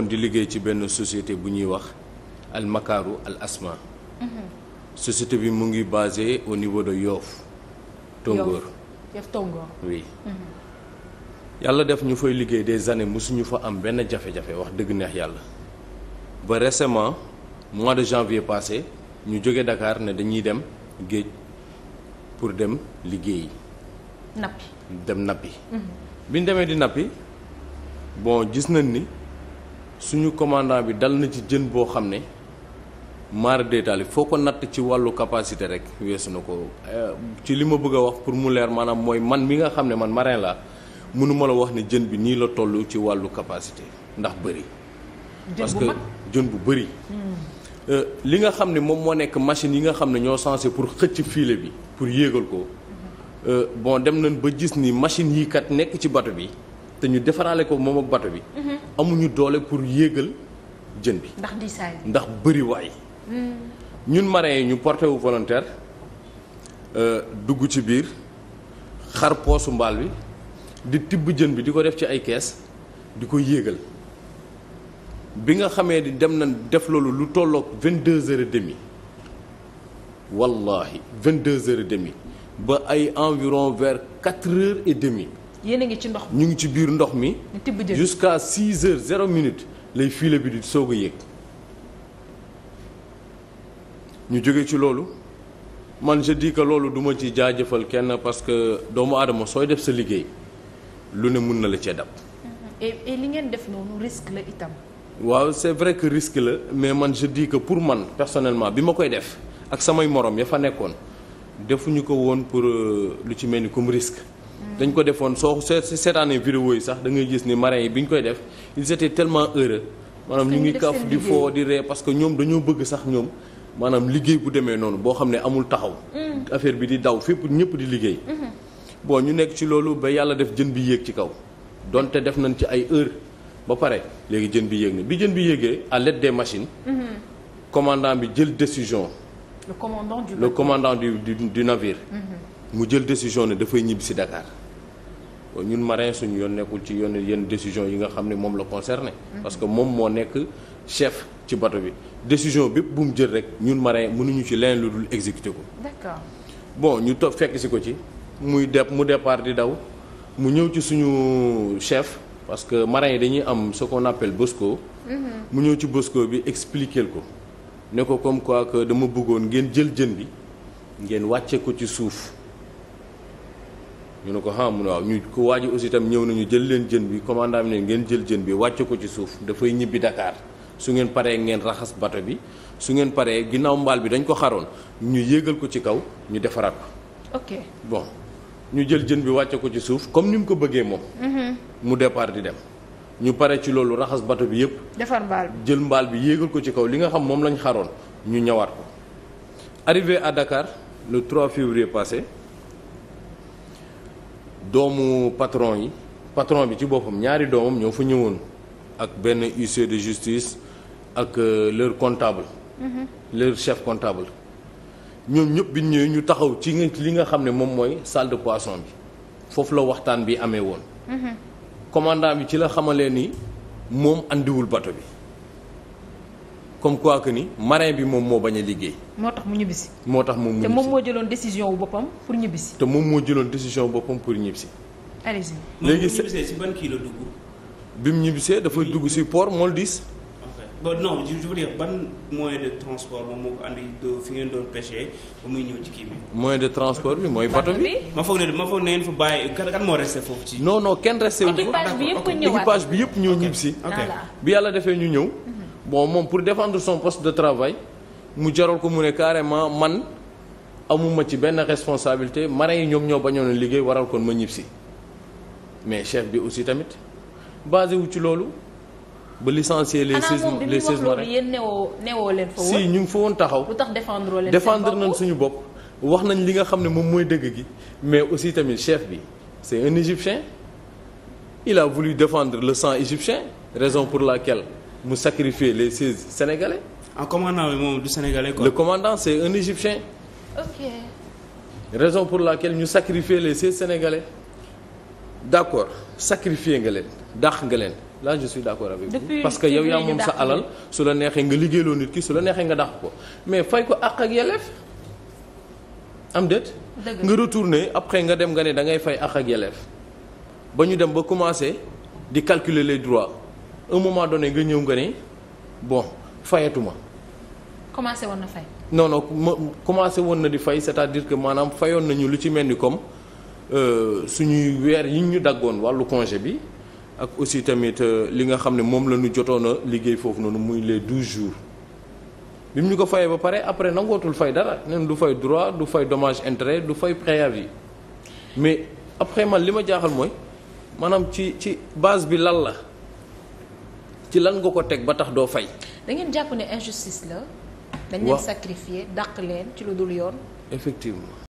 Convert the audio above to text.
nekkoon di liggéey ci benn société bu ñuy wax al makaaru al asma mhm. société bi mu ngi basé au niveau de yoof Tongoor Yoff mhm. def ñu fay liggéey des années mosuñu fa am benn jafe-jafe wax dëgg neex yàlla ba récemment mois de janvier passé ñu jóge Dakar ne dañuy dem géej pour dem liggéey nappi dem nappi mhm. bi di nappi bon gis nañ ni suñu commandant bi dal na ci jën boo xam ne maar détaali foo ko natt ci wàllu capacité rek weesu na ko euh, ci li ma bëgg a wax pour mu leer maanaam mooy man mi nga xam ne man marin laa mënuma la wax ne jën bi nii la toll ci wàllu capacité ndax bëri parce que jën bu bëri hmm. euh, li nga xam ne moom moo nekk machine yi nga xam ne ñoo censé pour xëcc filet bi pour yéegal ko hmm. euh, bon dem nañ ba gis ni machine yi kat nekk ci bato bi te ñu defaraale ko moom ak bato bi. Mhm. amuñu doole pour yéegal jën bi. ndax diisaay ndax bëri waay. Hmm. ñun marins yi ñu porté wu volontaire euh, dugg ci biir xar poosu mbaal bi di tibb jën bi di ko def ci ay kees di ko yéegal bi nga xamee di dem na def loolu lu tolloog vingt deux heures et demi wallahi vingt deux heures demi ba ay environ vers quatre heures et demi yéen a ngi ci ndox ñu ngi ci biir ndox mi. jusqu'à 6 heures 0 minute lay filet bi di soog a yéeg. ñu jóge ci loolu man je dis que loolu duma ma ci jaajëfal kenn parce que doomu aadama sooy def sa liggéey lu ne mun na la cee dab. et li ngeen def noonu risque la itam. waaw c'est vrai que risque la mais man je dis que pour man personnellement bi ma koy def ak samay morom ya fa nekkoon defuñu ko woon pour euh, lu ci mel ni comme risque. dañ ko defoon soo seetaanee vidéo yi sax dangay gis ni marins yi bi ñu koy def ils étaient tellement heureux maanaam ñu ngi kaf di foo di ree parce que ñoom dañoo bëgg sax ñoom maanaam liggéey bu demee noonu boo xam ne amul taxaw mm. affaire bi di daw fépp ñëpp di liggéey mm-hmm. boo ñu nekk ci loolu ba yàlla def jën bi yéeg ci kaw donte def nañ ci ay heure ba pare léegi jën bi yéeg na bi jën bi yéegee à l'aide des machines mm-hmm. commandant bi jël décision le commandant du, commandant du, du, du navire mm-hmm. mu jël décision ne dafay ñibbi si Dakar ñun marin suñu yoon nekkul ci yoon yenn décision yi nga xam ne moom la concerné mm-hmm. parce que moom moo nekk chef ci bato bi décision bépp bu mu jël rek ñun marin mënuñu ci leneen lu dul exécuter ko d'accord bon ñu toog fekk si ko ci muy dep mu départ di daw mu ñëw ci suñu chef parce que marin yi dañuy am ce qu'on appelle bosco mm-hmm. mu ñëw ci bosco bi expliquer ko ne ko comme quoi que dama bëggoon ngeen jël jën bi ngeen wàcce ko ci suuf ñu ne ko ah mu waaw ñu ko waaj aussi itam ñëw nañu jël leen jën bi commandant bi ngeen jël jën bi wàcc ko ci suuf dafay ñibbi dakaar su ngeen paree ngeen raxas bato bi su ngeen paree ginnaaw mbaal bi dañ ko xaroon ñu yéegal ko ci kaw ñu defaraat ko. ñu jël jën bi wàcce ko ci suuf comme ni mu ko bëggee moom. Mhm. mu départ di dem. ñu pare ci loolu raxas bato bi yépp defar mbaal bi jël mbaal bi yéegal ko ci kaw li nga xam moom lañ xaroon ñu ñëwaat ko. arrivé à Dakar le trois février passé. doomu patron yi patron bi ci boppam ñaari doomam ñoo fa ñëwoon ak benn huissier de justice ak euh, leur comptable mhm. leur chef comptable ñoom ñëpp bi ñëwee ñu taxaw ci li nga xam ne moom mooy salle de poisson bi foofu la waxtaan bi amee woon mhm. commandant bi ci la xamale ni moom indiwul bato bi comme quoi que ni marin bi moom moo bañ a liggéey. moo tax mu ñibbisi. moo tax moom mu ñibbisi te moom moo jëloon décision wu boppam pour ñibbisi. te moom moo jëloon décision wu boppam pour ñibbisi. allez léegi moom bu dugg. bi mu ñibbisee dafa dugg si port Moldis. bon non ban moyen de transport moom moo ko andi fi ngeen doon pêché ba muy ci kii bi. moyen de transport bi mooy bateau bi. ma foog ne ma ne fa bàyyi kan moo resté foofu ci. non non kenn resté wu. équipage bi yëpp ñëwaat équipage bi yëpp ñoo bi yàlla defee ñu ñëw. bon moom pour défendre son poste de travail mu jaral ko mu ne carrément man amuma ci benn responsabilité marin yi ñoom ñoo bañoon liggéey waral kon ma ñibbisi mais chef bi aussi tamit basé wu ci loolu ba licencier les seize les seize marins yéen newoo newoo leen fa si ñu ngi fa woon taxaw lu tax défendre leen défendre nañ suñu bopp wax nañ li nga xam ne moom mooy dëgg gi mais aussi tamit chef bi c'est un égyptien il a voulu défendre le sang égyptien raison pour laquelle mu sacrifier les seize sénégalais. en commandant moom du sénégalais quoi. le commandant c'est un égyptien. ok. raison pour la laquelle ñu sacrifier les seize sénégalais. d'accord sacrifier nga leen dàq nga leen la je suis d'accord avec vous parce que yow yaa moom sa alal su la neexee nga liggéeyloo nit ki su la neexee nga dàq ko mais fay ko àq ak yelleef am déet nga retourner après nga dem nga ne dangay fay àq ak yelleef ba ñu dem ba commencer di calculer les droits un moment donné nga ñëw nga ne bon fayatuma. commencé woon na fay. non non commencé woon na di fay c'est-à-dire que maanaam fayoon nañu lu ci mel ni comme euh, suñuy weer yi ñu daggoon wàllu congé bi ak aussi tamit euh, li nga xam ne moom la ñu jotoon a liggéey foofu noonu muy les douze jours. bi mu ñu ko fayee ba pare après nangootul fay dara nen du fay droit du fay domage intérêt du fay préavis mais après man li ma jaaxal mooy maanaam ci ci base bi lan la. ci lan nga ko teg ba tax doo fay. da ngeen jàpp ne injustice la. dañ leen sacrifier dàq leen ci lu dul yoon. effectivement.